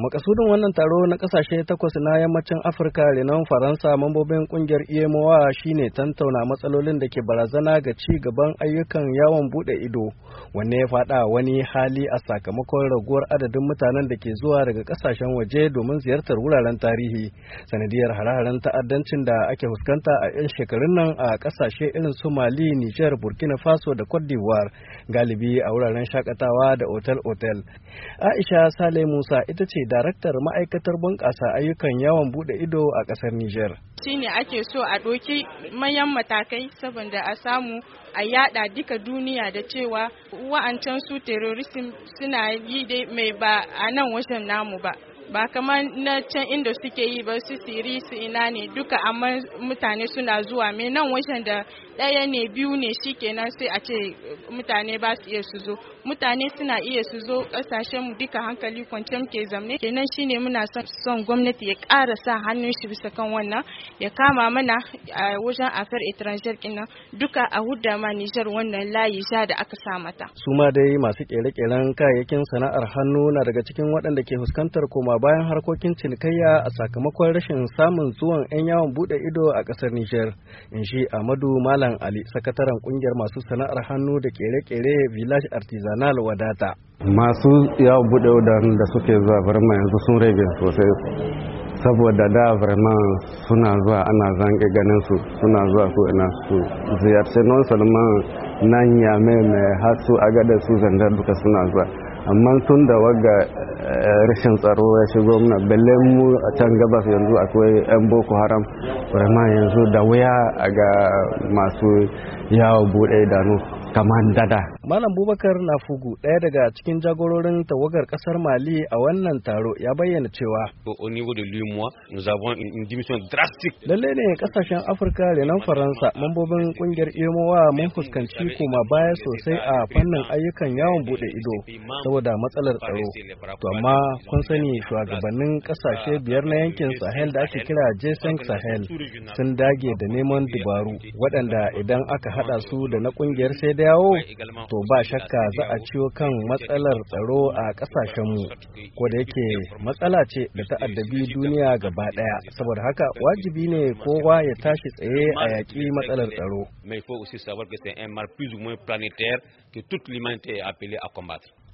Makasudin wannan taro na kasashe takwas na yammacin Afirka renon Faransa mambobin kungiyar emowa shine tantauna matsalolin da ke barazana ga ci gaban ayyukan yawon bude ido wanne ya fada wani hali a sakamakon raguwar adadin mutanen da ke zuwa daga kasashen waje domin ziyartar wuraren tarihi sanadiyar hare ta'addancin da ake fuskanta a 'yan shekarun nan a kasashe irin su Mali, Niger, Burkina Faso da Cote d'Ivoire galibi a wuraren shakatawa da otel-otel. Aisha Sale Musa ita ce daraktar ma'aikatar bunƙasa ayyukan yawon bude ido a ƙasar Nijar. Shi ne ake so a ɗoki manyan matakai saboda a samu a yada duka duniya da cewa wa'ancan su terrorism suna yi dai mai ba a nan wajen namu ba. ba kamar na can inda suke yi ba su siri su ina ne duka amma mutane suna zuwa mai nan wajen da ɗaya ne biyu ne shi kenan sai a ce eh, mutane ba su iya su zo mutane suna iya su zo ƙasashen mu duka hankali kwance ke zamne kenan shine muna son gwamnati ya ƙara sa hannun shi bisa kan wannan ya kama mana a wajen afar étrangère kinan duka a hudda ma wannan layi sha da aka sa mata su ma dai masu ƙere ƙeren kayayyakin sana'ar hannu na daga cikin waɗanda ke fuskantar koma bayan harkokin cinikayya a sakamakon rashin samun zuwan 'yan yawon buɗe ido a ƙasar nijar in shi Amadu Malam Hassan Ali, sakataren kungiyar masu sana'ar hannu da kere-kere Village Artisanal Wadata. Masu yawon bude da suke zuwa birnin yanzu sun rage sosai saboda da birnin suna zuwa ana zange ganin su suna zuwa ko ina su ziyarci non salman nan ya mai mai hasu a gada su zanda duka suna zuwa amma tun da waga eh, rashin tsaro ya shigo muna mu a can gabas yanzu akwai yan boko haram vraiment yanzu da wuya a ga masu yawon bude idanu kamar dada. Malam Bubakar Nafugu ɗaya daga cikin jagororin tawagar ƙasar Mali a wannan taro ya bayyana cewa. Lalle ne ƙasashen Afirka renan Faransa mambobin ƙungiyar Imowa mun fuskanci koma baya sosai a fannin ayyukan yawon buɗe ido saboda matsalar tsaro. To amma kun sani shugabannin ƙasashe biyar na yankin Sahel da ake kira J5 Sahel sun dage da neman dubaru waɗanda idan aka haɗa su da na ƙungiyar sai da yawo to ba shakka za a ciwo kan matsalar tsaro a kasashenmu ko da yake matsala ce da ta'addabi duniya gaba daya saboda haka wajibi ne kowa ya tashi tsaye a yaƙi matsalar tsaro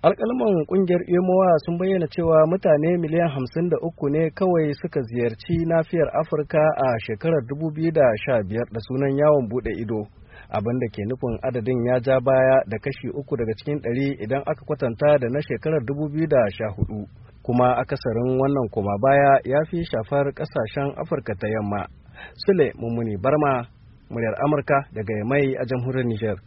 alkalman kungiyar emowa sun bayyana cewa mutane miliyan hamsin da uku ne kawai suka ziyarci nafiyar afirka a shekarar 2015 da sunan yawon bude ido abin da ke nufin adadin ya ja baya da kashi uku daga cikin ɗari idan aka kwatanta da na shekarar dubu biyu da sha hudu kuma akasarin wannan koma baya ya fi shafar ƙasashen afirka ta yamma sule mummuni barma muryar amurka daga mai a jamhuriyar niger